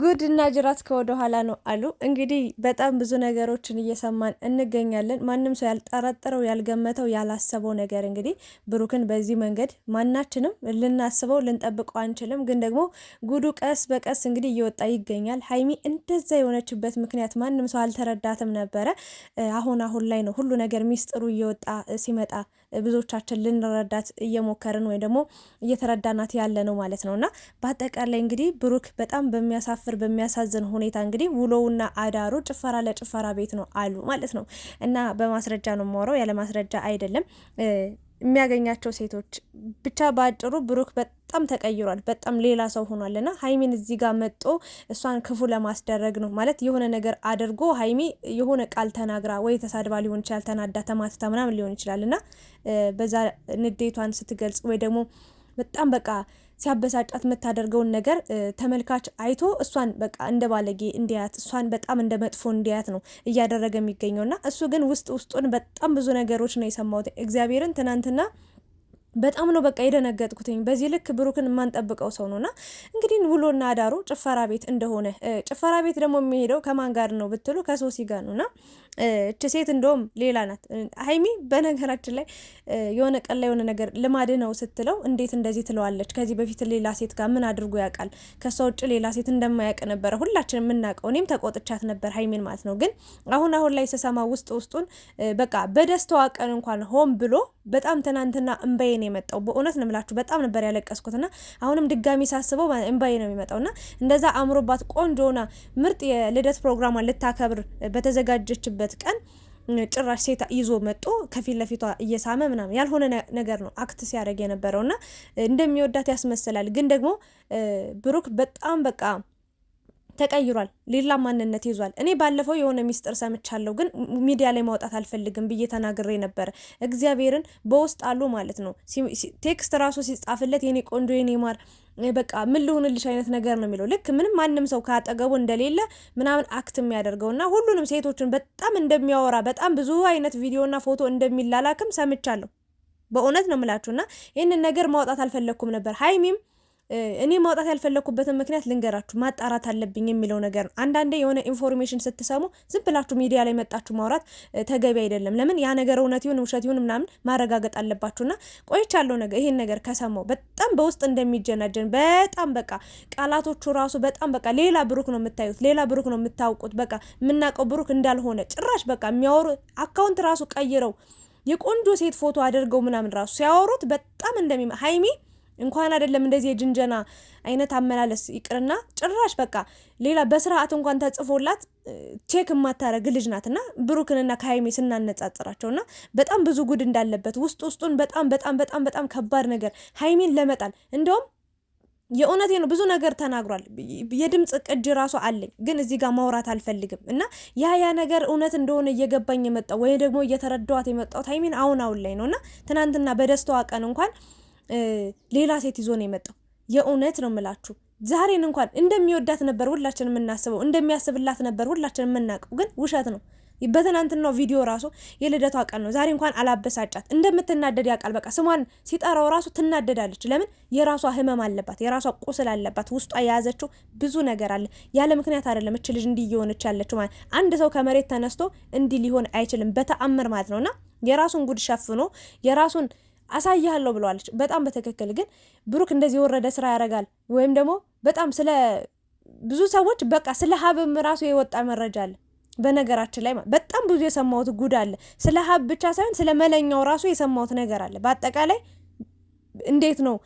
ጉድ እና ጅራት ከወደ ኋላ ነው አሉ። እንግዲህ በጣም ብዙ ነገሮችን እየሰማን እንገኛለን። ማንም ሰው ያልጠረጠረው፣ ያልገመተው፣ ያላሰበው ነገር እንግዲህ ብሩክን በዚህ መንገድ ማናችንም ልናስበው ልንጠብቀው አንችልም። ግን ደግሞ ጉዱ ቀስ በቀስ እንግዲህ እየወጣ ይገኛል። ሀይሚ እንደዛ የሆነችበት ምክንያት ማንም ሰው አልተረዳትም ነበረ። አሁን አሁን ላይ ነው ሁሉ ነገር ሚስጥሩ እየወጣ ሲመጣ ብዙዎቻችን ልንረዳት እየሞከርን ወይም ደግሞ እየተረዳናት ያለ ነው ማለት ነው እና በአጠቃላይ እንግዲህ ብሩክ በጣም በሚያሳፍር በሚያሳዝን ሁኔታ እንግዲህ ውሎውና አዳሩ ጭፈራ ለጭፈራ ቤት ነው አሉ ማለት ነው እና በማስረጃ ነው የማወራው ያለ ማስረጃ አይደለም። የሚያገኛቸው ሴቶች ብቻ በአጭሩ ብሩክ በጣም ተቀይሯል። በጣም ሌላ ሰው ሆኗል እና ሀይሚን እዚህ ጋር መጦ እሷን ክፉ ለማስደረግ ነው ማለት የሆነ ነገር አድርጎ ሀይሚ የሆነ ቃል ተናግራ ወይ ተሳድባ ሊሆን ይችላል፣ ተናዳ ተማትታ ምናምን ሊሆን ይችላል እና በዛ ንዴቷን ስትገልጽ ወይ ደግሞ በጣም በቃ ሲያበሳጫት የምታደርገውን ነገር ተመልካች አይቶ እሷን በቃ እንደ ባለጌ እንዲያት እሷን በጣም እንደ መጥፎ እንዲያት ነው እያደረገ የሚገኘው እና እሱ ግን ውስጥ ውስጡን በጣም ብዙ ነገሮች ነው የሰማሁት እግዚአብሔርን ትናንትና በጣም ነው በቃ የደነገጥኩትኝ። በዚህ ልክ ብሩክን የማንጠብቀው ሰው ነውና እንግዲህ ውሎና አዳሩ ጭፈራ ቤት እንደሆነ ጭፈራ ቤት ደግሞ የሚሄደው ከማን ጋር ነው ብትሉ ከሶሲ ጋር ነውና እች ሴት እንደውም ሌላ ናት። ሀይሚ በነገራችን ላይ የሆነ ቀን ላይ የሆነ ነገር ልማድ ነው ስትለው እንዴት እንደዚህ ትለዋለች? ከዚህ በፊት ሌላ ሴት ጋር ምን አድርጎ ያውቃል? ከሷ ውጭ ሌላ ሴት እንደማያውቅ ነበረ ሁላችን የምናውቀው። እኔም ተቆጥቻት ነበር ሀይሚን ማለት ነው። ግን አሁን አሁን ላይ ስሰማ ውስጥ ውስጡን በቃ በደስታዋ ቀን እንኳን ሆን ብሎ በጣም ትናንትና እምበይን ነው የመጣው። በእውነት ነው የምላችሁ በጣም ነበር ያለቀስኩትና አሁንም ድጋሚ ሳስበው እንባዬ ነው የሚመጣውና እንደዛ አምሮባት ቆንጆና ምርጥ የልደት ፕሮግራሟን ልታከብር በተዘጋጀችበት ቀን ጭራሽ ሴት ይዞ መጦ ከፊት ለፊቷ እየሳመ ምናምን ያልሆነ ነገር ነው አክት ሲያደርግ የነበረውና እንደሚወዳት ያስመስላል። ግን ደግሞ ብሩክ በጣም በቃ ተቀይሯል፣ ሌላ ማንነት ይዟል። እኔ ባለፈው የሆነ ሚስጥር ሰምቻለሁ፣ ግን ሚዲያ ላይ ማውጣት አልፈልግም ብዬ ተናግሬ ነበረ። እግዚአብሔርን በውስጥ አሉ ማለት ነው። ቴክስት ራሱ ሲጻፍለት የኔ ቆንጆ የኔ ማር በቃ ምን ልሆንልሽ አይነት ነገር ነው የሚለው። ልክ ምንም ማንም ሰው ከአጠገቡ እንደሌለ ምናምን አክት የሚያደርገው እና ሁሉንም ሴቶችን በጣም እንደሚያወራ በጣም ብዙ አይነት ቪዲዮና ፎቶ እንደሚላላክም ሰምቻለሁ። በእውነት ነው የምላችሁ እና ይህንን ነገር ማውጣት አልፈለግኩም ነበር ሀይሚም እኔ ማውጣት ያልፈለግኩበትን ምክንያት ልንገራችሁ፣ ማጣራት አለብኝ የሚለው ነገር ነው። አንዳንዴ የሆነ ኢንፎርሜሽን ስትሰሙ ዝም ብላችሁ ሚዲያ ላይ መጣችሁ ማውራት ተገቢ አይደለም። ለምን ያ ነገር እውነት ይሁን ውሸት ይሁን ምናምን ማረጋገጥ አለባችሁና ቆይቻለሁ ነገር ይሄን ነገር ከሰማው በጣም በውስጥ እንደሚጀናጀን በጣም በቃ ቃላቶቹ ራሱ በጣም በቃ ሌላ ብሩክ ነው የምታዩት፣ ሌላ ብሩክ ነው የምታውቁት። በቃ የምናውቀው ብሩክ እንዳልሆነ ጭራሽ በቃ የሚያወሩ አካውንት ራሱ ቀይረው የቆንጆ ሴት ፎቶ አድርገው ምናምን ራሱ ሲያወሩት በጣም እንደሚ ሀይሚ እንኳን አይደለም እንደዚህ የጅንጀና አይነት አመላለስ ይቅርና ጭራሽ በቃ ሌላ በስርዓት እንኳን ተጽፎላት ቼክ የማታረግ ልጅ ናትና ብሩክንና ከሀይሜ ስናነጻጽራቸውና በጣም ብዙ ጉድ እንዳለበት ውስጥ ውስጡን በጣም በጣም በጣም በጣም ከባድ ነገር ሀይሜን ለመጣል እንደውም የእውነቴ ነው። ብዙ ነገር ተናግሯል። የድምፅ ቅጅ ራሱ አለኝ፣ ግን እዚህ ጋር ማውራት አልፈልግም እና ያ ያ ነገር እውነት እንደሆነ እየገባኝ የመጣው ወይ ደግሞ እየተረዳዋት የመጣው ታይሚን አሁን አሁን ላይ ነው እና ትናንትና በደስታዋ ቀን እንኳን ሌላ ሴት ይዞ ነው የመጣው። የእውነት ነው ምላችሁ ዛሬን እንኳን እንደሚወዳት ነበር ሁላችን የምናስበው፣ እንደሚያስብላት ነበር ሁላችን የምናውቀው፣ ግን ውሸት ነው። በትናንትናው ቪዲዮ ራሱ የልደቷ ቀን ነው። ዛሬ እንኳን አላበሳጫት። እንደምትናደድ ያውቃል። በቃ ስሟን ሲጠራው ራሱ ትናደዳለች። ለምን? የራሷ ህመም አለባት፣ የራሷ ቁስል አለባት። ውስጧ የያዘችው ብዙ ነገር አለ። ያለ ምክንያት አይደለም እች ልጅ እንዲህ እየሆነች ያለችው። ማለት አንድ ሰው ከመሬት ተነስቶ እንዲህ ሊሆን አይችልም፣ በተአምር ማለት ነውና የራሱን ጉድ ሸፍኖ የራሱን አሳያለሁ ብለዋለች። በጣም በትክክል ግን ብሩክ እንደዚህ የወረደ ስራ ያደርጋል ወይም ደግሞ በጣም ስለ ብዙ ሰዎች በቃ ስለ ሀብም ራሱ የወጣ መረጃ አለ። በነገራችን ላይ በጣም ብዙ የሰማሁት ጉድ አለ። ስለ ሀብ ብቻ ሳይሆን ስለ መለኛው ራሱ የሰማሁት ነገር አለ። በአጠቃላይ እንዴት ነው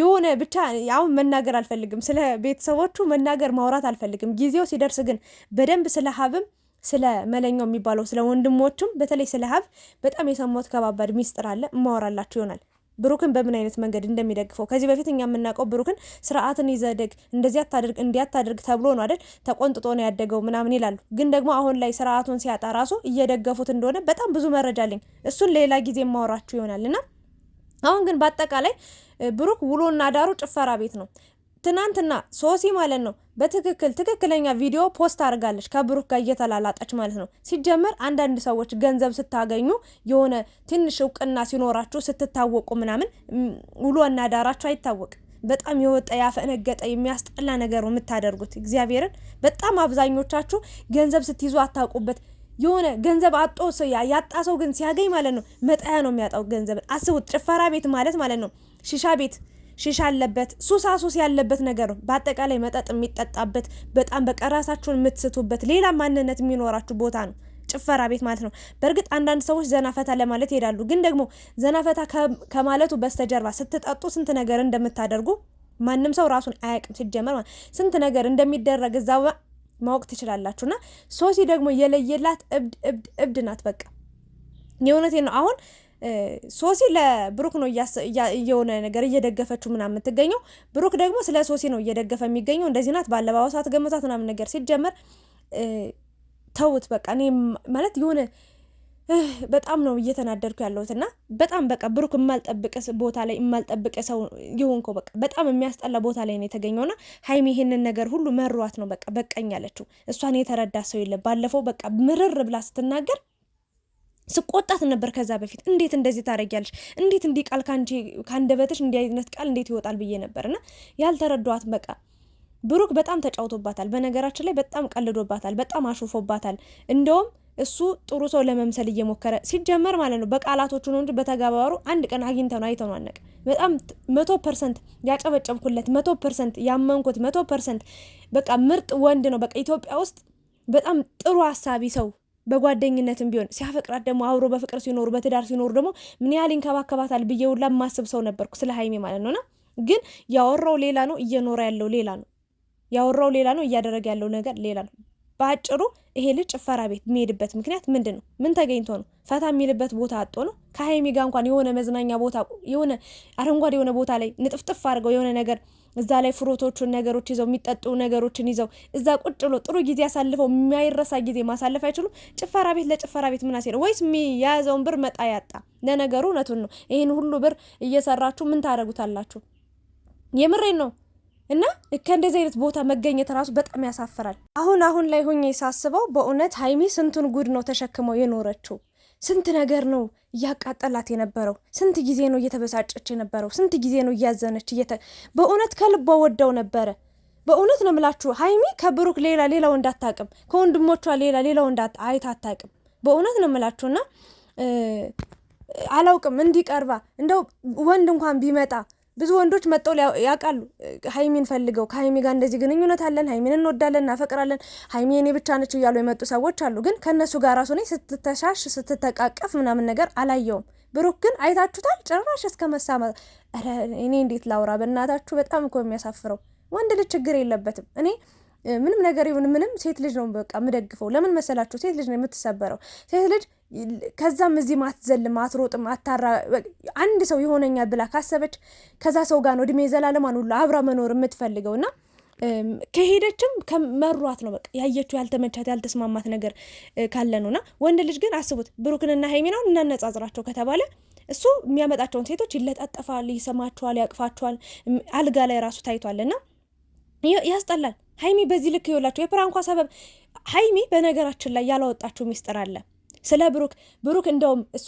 የሆነ ብቻ አሁን መናገር አልፈልግም። ስለ ቤተሰቦቹ መናገር ማውራት አልፈልግም። ጊዜው ሲደርስ ግን በደንብ ስለ ሀብም ስለ መለኛው የሚባለው ስለ ወንድሞቹም በተለይ ስለ ሀብ በጣም የሰማሁት ከባባድ ሚስጥር አለ። እማወራላችሁ ይሆናል ብሩክን በምን አይነት መንገድ እንደሚደግፈው ከዚህ በፊት እኛ የምናውቀው ብሩክን ስርዓትን ይዘደግ እንደዚህ አታድርግ እንዲያታድርግ ተብሎ ነው አይደል? ተቆንጥጦ ነው ያደገው ምናምን ይላሉ። ግን ደግሞ አሁን ላይ ስርዓቱን ሲያጣ ራሱ እየደገፉት እንደሆነ በጣም ብዙ መረጃ አለኝ። እሱን ሌላ ጊዜ የማወራችሁ ይሆናል እና አሁን ግን በአጠቃላይ ብሩክ ውሎና ዳሩ ጭፈራ ቤት ነው። ትናንትና ሶሲ ማለት ነው በትክክል ትክክለኛ ቪዲዮ ፖስት አድርጋለች ከብሩክ ጋር እየተላላጠች ማለት ነው። ሲጀመር አንዳንድ ሰዎች ገንዘብ ስታገኙ የሆነ ትንሽ እውቅና ሲኖራችሁ ስትታወቁ ምናምን ውሎ እና ዳራችሁ አይታወቅም። በጣም የወጣ ያፈነገጠ የሚያስጠላ ነገር የምታደርጉት እግዚአብሔርን። በጣም አብዛኞቻችሁ ገንዘብ ስትይዙ አታውቁበት። የሆነ ገንዘብ አጦ ያጣ ሰው ግን ሲያገኝ ማለት ነው መጣያ ነው የሚያጣው ገንዘብን። አስቡት ጭፈራ ቤት ማለት ማለት ነው ሽሻ ቤት ሽሽ አለበት፣ ሱሳ ሱስ ያለበት ነገር ነው። በአጠቃላይ መጠጥ የሚጠጣበት በጣም በቃ ራሳችሁን የምትስቱበት ሌላ ማንነት የሚኖራችሁ ቦታ ነው ጭፈራ ቤት ማለት ነው። በእርግጥ አንዳንድ ሰዎች ዘናፈታ ለማለት ይሄዳሉ። ግን ደግሞ ዘናፈታ ከማለቱ በስተጀርባ ስትጠጡ ስንት ነገር እንደምታደርጉ ማንም ሰው ራሱን አያውቅም። ሲጀመር ማለት ስንት ነገር እንደሚደረግ እዛ ማወቅ ትችላላችሁና ሶሲ ደግሞ የለየላት እብድ እብድ እብድ ናት። በቃ የእውነቴ ነው አሁን ሶሲ ለብሩክ ነው የሆነ ነገር እየደገፈችው ምናምን የምትገኘው። ብሩክ ደግሞ ስለ ሶሲ ነው እየደገፈ የሚገኘው። እንደዚህ ናት፣ በአለባበሷ ገመታት ምናምን ነገር ሲጀመር ተውት በቃ። እኔ ማለት የሆነ በጣም ነው እየተናደርኩ ያለሁት እና በጣም በቃ ብሩክ የማልጠብቅ ቦታ ላይ የማልጠብቅ ሰው የሆንከው በቃ በጣም የሚያስጠላ ቦታ ላይ ነው የተገኘው ና ሀይሚ ይሄንን ነገር ሁሉ መሯት ነው በቃ በቀኝ ያለችው። እሷን የተረዳ ሰው የለም። ባለፈው በቃ ምርር ብላ ስትናገር ስቆጣት ነበር ከዛ በፊት እንዴት እንደዚህ ታደርጊያለሽ? እንዴት እንዲህ ቃል ከአንደበትሽ እንዲህ አይነት ቃል እንዴት ይወጣል ብዬ ነበርና ያልተረዷት በቃ ብሩክ በጣም ተጫውቶባታል። በነገራችን ላይ በጣም ቀልዶባታል፣ በጣም አሹፎባታል። እንደውም እሱ ጥሩ ሰው ለመምሰል እየሞከረ ሲጀመር ማለት ነው በቃላቶቹ ነው እንጂ በተግባሩ አንድ ቀን ነው አይተን አናውቅ። በጣም መቶ ፐርሰንት ያጨበጨብኩለት፣ መቶ ፐርሰንት ያመንኩት፣ መቶ ፐርሰንት በቃ ምርጥ ወንድ ነው። በቃ ኢትዮጵያ ውስጥ በጣም ጥሩ አሳቢ ሰው በጓደኝነትም ቢሆን ሲያፈቅራት ደግሞ አብሮ በፍቅር ሲኖሩ በትዳር ሲኖሩ ደግሞ ምን ያህል ይንከባከባታል ብዬ ሁላ የማስብ ሰው ነበርኩ፣ ስለ ሀይሜ ማለት ነውና። ግን ያወራው ሌላ ነው፣ እየኖረ ያለው ሌላ ነው። ያወራው ሌላ ነው፣ እያደረገ ያለው ነገር ሌላ ነው። በአጭሩ ይሄ ልጅ ጭፈራ ቤት የሚሄድበት ምክንያት ምንድን ነው? ምን ተገኝቶ ነው? ፈታ የሚልበት ቦታ አጦ ነው? ከሀይሜ ጋር እንኳን የሆነ መዝናኛ ቦታ የሆነ አረንጓዴ የሆነ ቦታ ላይ ንጥፍጥፍ አድርገው የሆነ ነገር እዛ ላይ ፍሮቶቹን ነገሮች ይዘው የሚጠጡ ነገሮችን ይዘው እዛ ቁጭ ብሎ ጥሩ ጊዜ አሳልፈው የሚያይረሳ ጊዜ ማሳለፍ አይችሉም። ጭፈራ ቤት ለጭፈራ ቤት ምናሴ ነው ወይስ የያዘውን ብር መጣ ያጣ? ለነገሩ እውነቱን ነው። ይህን ሁሉ ብር እየሰራችሁ ምን ታደርጉታላችሁ? የምሬን ነው። እና ከእንደዚህ አይነት ቦታ መገኘት ራሱ በጣም ያሳፍራል። አሁን አሁን ላይ ሆኜ ሳስበው በእውነት ሀይሚ ስንቱን ጉድ ነው ተሸክመው የኖረችው። ስንት ነገር ነው እያቃጠላት የነበረው። ስንት ጊዜ ነው እየተበሳጨች የነበረው። ስንት ጊዜ ነው እያዘነች። በእውነት ከልቧ ወደው ነበረ። በእውነት ነው ምላችሁ ሀይሚ ከብሩክ ሌላ ሌላው እንዳታቅም፣ ከወንድሞቿ ሌላ ሌላው አይታ አታቅም። በእውነት ነው ምላችሁና አላውቅም እንዲቀርባ እንደው ወንድ እንኳን ቢመጣ ብዙ ወንዶች መጠው ያውቃሉ ሀይሚን ፈልገው ከሀይሚ ጋር እንደዚህ ግንኙነት አለን፣ ሀይሚን እንወዳለን፣ እናፈቅራለን፣ ሀይሚ የኔ ብቻ ነች እያሉ የመጡ ሰዎች አሉ። ግን ከእነሱ ጋር ራሱ እኔ ስትተሻሽ ስትተቃቀፍ ምናምን ነገር አላየውም። ብሩክ ግን አይታችሁታል፣ ጭራሽ እስከ መሳመ እኔ እንዴት ላውራ በእናታችሁ፣ በጣም እኮ የሚያሳፍረው ወንድ ልጅ ችግር የለበትም። እኔ ምንም ነገር ይሁን ምንም ሴት ልጅ ነው በቃ የምደግፈው። ለምን መሰላችሁ? ሴት ልጅ ነው የምትሰበረው። ሴት ልጅ ከዛም እዚህ ማትዘልም አትሮጥም አታራ አንድ ሰው የሆነኛል ብላ ካሰበች ከዛ ሰው ጋር ነው እድሜ ዘላለማን ሁሉ አብራ መኖር የምትፈልገው እና ከሄደችም ከመሯት ነው በቃ ያየችው ያልተመቻት ያልተስማማት ነገር ካለ እና ወንድ ልጅ ግን አስቡት ብሩክንና ሀይሚናውን እናነጻጽራቸው ከተባለ እሱ የሚያመጣቸውን ሴቶች ይለጣጠፋል ይሰማቸዋል ያቅፋቸዋል አልጋ ላይ ራሱ እና ያስጠላል ሀይሚ በዚህ ልክ ይወላቸው የፕራንኳ ሰበብ ሀይሚ በነገራችን ላይ ያላወጣችው ሚስጥር አለ ስለ ብሩክ ብሩክ እንደውም እሷ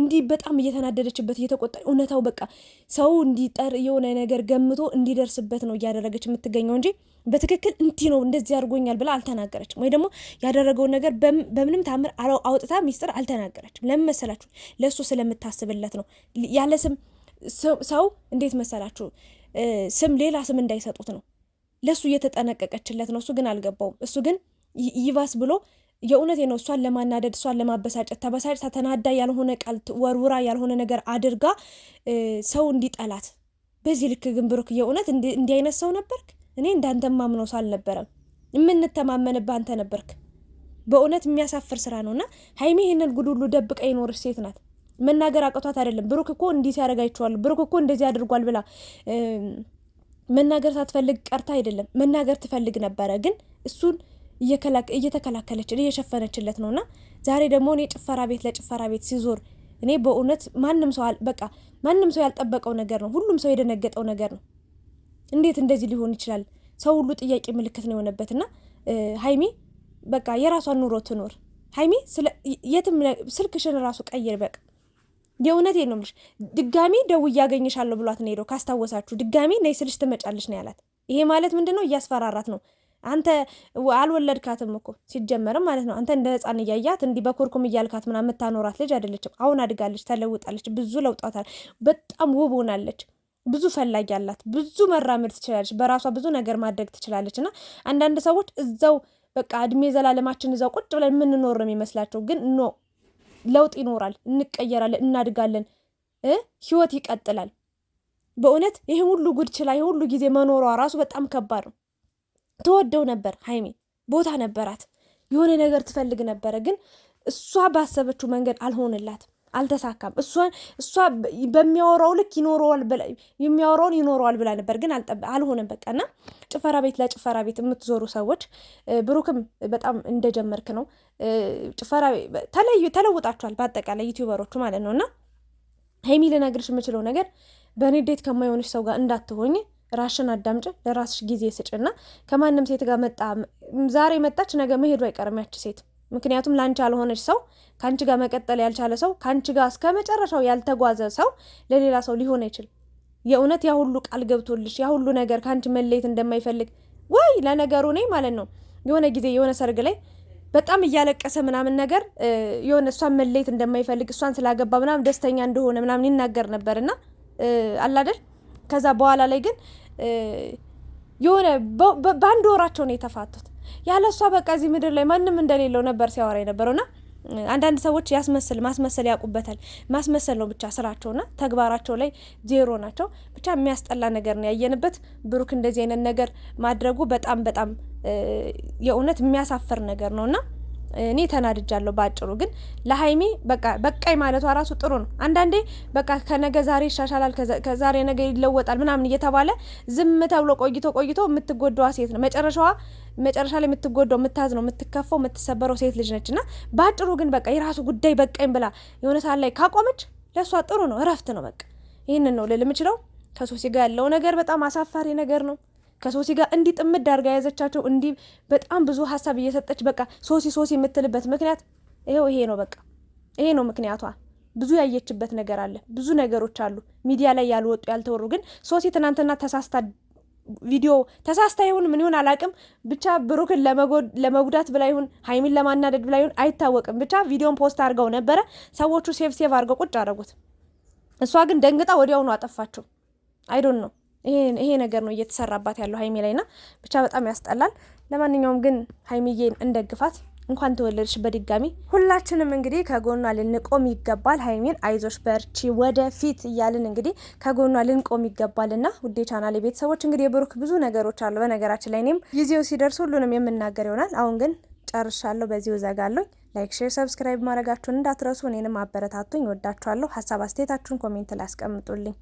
እንዲህ በጣም እየተናደደችበት እየተቆጣ እውነታው በቃ ሰው እንዲጠር የሆነ ነገር ገምቶ እንዲደርስበት ነው እያደረገች የምትገኘው እንጂ በትክክል እንዲህ ነው እንደዚህ አድርጎኛል ብላ አልተናገረችም። ወይ ደግሞ ያደረገውን ነገር በምንም ታምር አውጥታ ሚስጥር አልተናገረችም። ለምን መሰላችሁ? ለእሱ ስለምታስብለት ነው። ያለ ስም ሰው እንዴት መሰላችሁ? ስም ሌላ ስም እንዳይሰጡት ነው። ለእሱ እየተጠነቀቀችለት ነው። እሱ ግን አልገባውም። እሱ ግን ይባስ ብሎ የእውነቴ ነው። እሷን ለማናደድ እሷን ለማበሳጨት ተበሳጭታ ተናዳ ያልሆነ ቃል ወርውራ ያልሆነ ነገር አድርጋ ሰው እንዲጠላት በዚህ ልክ ግን ብሩክ የእውነት እንዲህ አይነት ሰው ነበርክ? እኔ እንዳንተ ማምነው ሰው አልነበረም። የምንተማመንብህ አንተ ነበርክ። በእውነት የሚያሳፍር ስራ ነው እና ሀይሚ ይህንን ጉድ ሁሉ ደብቀ የኖረች ሴት ናት። መናገር አቅቷት አይደለም። ብሩክ እኮ እንዲህ ሲያደርግ አይቼዋለሁ፣ ብሩክ እኮ እንደዚህ አድርጓል ብላ መናገር ሳትፈልግ ቀርታ አይደለም፣ መናገር ትፈልግ ነበረ ግን እሱን እየተከላከለችን እየሸፈነችለት ነው እና ዛሬ ደግሞ እኔ ጭፈራ ቤት ለጭፈራ ቤት ሲዞር እኔ በእውነት ማንም ሰው በቃ ማንም ሰው ያልጠበቀው ነገር ነው። ሁሉም ሰው የደነገጠው ነገር ነው። እንዴት እንደዚህ ሊሆን ይችላል? ሰው ሁሉ ጥያቄ ምልክት ነው የሆነበት እና ሀይሚ በቃ የራሷን ኑሮ ትኖር። ሀይሚ የትም ስልክሽን ራሱ ቀይር። በቃ የእውነት ነው የምልሽ። ድጋሚ ደው አገኝሻለሁ ብሏት ነው ሄደው። ካስታወሳችሁ ድጋሚ ነይ ስልሽ ትመጫለሽ ነው ያላት። ይሄ ማለት ምንድን ነው? እያስፈራራት ነው አንተ አልወለድካትም እኮ ሲጀመርም ማለት ነው። አንተ እንደ ህፃን እያያት እንዲህ በኮርኩም እያልካት ምናምን የምታኖራት ልጅ አይደለችም። አሁን አድጋለች፣ ተለውጣለች፣ ብዙ ለውጣታል። በጣም ውብ ሆናለች። ብዙ ፈላጊ አላት። ብዙ መራመድ ትችላለች። በራሷ ብዙ ነገር ማድረግ ትችላለች። እና አንዳንድ ሰዎች እዛው በቃ እድሜ ዘላለማችን እዛው ቁጭ ብለን የምንኖር ነው የሚመስላቸው። ግን ኖ ለውጥ ይኖራል፣ እንቀየራለን፣ እናድጋለን፣ ህይወት ይቀጥላል። በእውነት ይህ ሁሉ ጉድ ችላ ሁሉ ጊዜ መኖሯ ራሱ በጣም ከባድ ነው። ትወደው ነበር ሀይሚ ቦታ ነበራት፣ የሆነ ነገር ትፈልግ ነበረ። ግን እሷ ባሰበችው መንገድ አልሆንላትም፣ አልተሳካም። እሷ በሚያወራው ልክ ይኖረዋል የሚያወራውን ይኖረዋል ብላ ነበር፣ ግን አልሆነም። በቃ እና ጭፈራ ቤት ለጭፈራ ቤት የምትዞሩ ሰዎች ብሩክም በጣም እንደጀመርክ ነው። ጭፈራ ተለዩ ተለውጣችኋል፣ በአጠቃላይ ዩቲዩበሮቹ ማለት ነው። እና ሀይሚ ልነግርሽ የምችለው ነገር በንዴት ከማይሆንሽ ሰው ጋር እንዳትሆኝ ራሽን አዳምጭ፣ ለራስሽ ጊዜ ስጭና ከማንም ሴት ጋር መጣ ዛሬ መጣች ነገ መሄዱ አይቀርም ያች ሴት። ምክንያቱም ለአንቺ ያልሆነች ሰው ከአንቺ ጋር መቀጠል ያልቻለ ሰው ከአንቺ ጋር እስከ መጨረሻው ያልተጓዘ ሰው ለሌላ ሰው ሊሆን አይችልም። የእውነት ያ ሁሉ ቃል ገብቶልሽ ያ ሁሉ ነገር ከአንቺ መለየት እንደማይፈልግ ወይ ለነገሩ እኔ ማለት ነው የሆነ ጊዜ የሆነ ሰርግ ላይ በጣም እያለቀሰ ምናምን ነገር የሆነ እሷን መለየት እንደማይፈልግ እሷን ስላገባ ምናምን ደስተኛ እንደሆነ ምናምን ይናገር ነበር እና አላደል ከዛ በኋላ ላይ ግን የሆነ በአንድ ወራቸው ነው የተፋቱት። ያለ እሷ በቃ እዚህ ምድር ላይ ማንም እንደሌለው ነበር ሲያወራ ና አንዳንድ ሰዎች ያስመስል ማስመሰል ያውቁበታል። ማስመሰል ነው ብቻ ስራቸውና ተግባራቸው ላይ ዜሮ ናቸው። ብቻ የሚያስጠላ ነገር ነው ያየንበት። ብሩክ እንደዚህ አይነት ነገር ማድረጉ በጣም በጣም የእውነት የሚያሳፍር ነገር ነውና እኔ ተናድጃለሁ። ባጭሩ ግን ለሀይሚ በቃ በቃይ ማለቷ ራሱ ጥሩ ነው። አንዳንዴ በቃ ከነገ ዛሬ ይሻሻላል፣ ከዛሬ ነገ ይለወጣል ምናምን እየተባለ ዝም ተብሎ ቆይቶ ቆይቶ የምትጎዳዋ ሴት ነው መጨረሻዋ። መጨረሻ ላይ የምትጎዳው የምታዝ ነው የምትከፋው፣ የምትሰበረው ሴት ልጅ ነች። እና ባጭሩ ግን በቃ የራሱ ጉዳይ በቃኝ ብላ የሆነ ሰዓት ላይ ካቆመች ለእሷ ጥሩ ነው፣ እረፍት ነው። በቃ ይህንን ነው ልል የምችለው። ከሶሲ ጋር ያለው ነገር በጣም አሳፋሪ ነገር ነው። ከሶሲ ጋር እንዲህ ጥምድ አድርጋ የያዘቻቸው እንዲህ በጣም ብዙ ሀሳብ እየሰጠች በቃ ሶሲ ሶሲ የምትልበት ምክንያት ይሄው ይሄ ነው። በቃ ይሄ ነው ምክንያቷ። ብዙ ያየችበት ነገር አለ። ብዙ ነገሮች አሉ ሚዲያ ላይ ያልወጡ ያልተወሩ። ግን ሶሲ ትናንትና ተሳስታ ቪዲዮ ተሳስታ ይሁን ምን ይሁን አላቅም፣ ብቻ ብሩክን ለመጉዳት ብላ ይሁን ሀይሚን ለማናደድ ብላ ይሁን አይታወቅም። ብቻ ቪዲዮን ፖስት አድርገው ነበረ ሰዎቹ ሴቭ ሴቭ አድርገው ቁጭ አደረጉት። እሷ ግን ደንግጣ ወዲያውኑ አጠፋቸው። አይዶን ነው ይሄ ነገር ነው እየተሰራባት ያለው ሀይሚ ላይ ና ብቻ በጣም ያስጠላል። ለማንኛውም ግን ሀይሚዬን እንደግፋት። እንኳን ተወለድሽ በድጋሚ ሁላችንም እንግዲህ ከጎኗ ልንቆም ይገባል። ሀይሚን አይዞሽ በርቺ ወደፊት እያልን እንግዲህ ከጎኗ ልንቆም ይገባል ና ውዴ ቻናል ቤተሰቦች እንግዲህ የብሩክ ብዙ ነገሮች አሉ። በነገራችን ላይ እኔም ጊዜው ሲደርስ ሁሉንም የምናገር ይሆናል። አሁን ግን ጨርሻለሁ። በዚሁ ዘጋለሁ። ላይክ፣ ሼር፣ ሰብስክራይብ ማድረጋችሁን እንዳትረሱ። እኔንም አበረታቱኝ። ወዳችኋለሁ። ሀሳብ አስተያየታችሁን ኮሜንት ላይ አስቀምጡልኝ።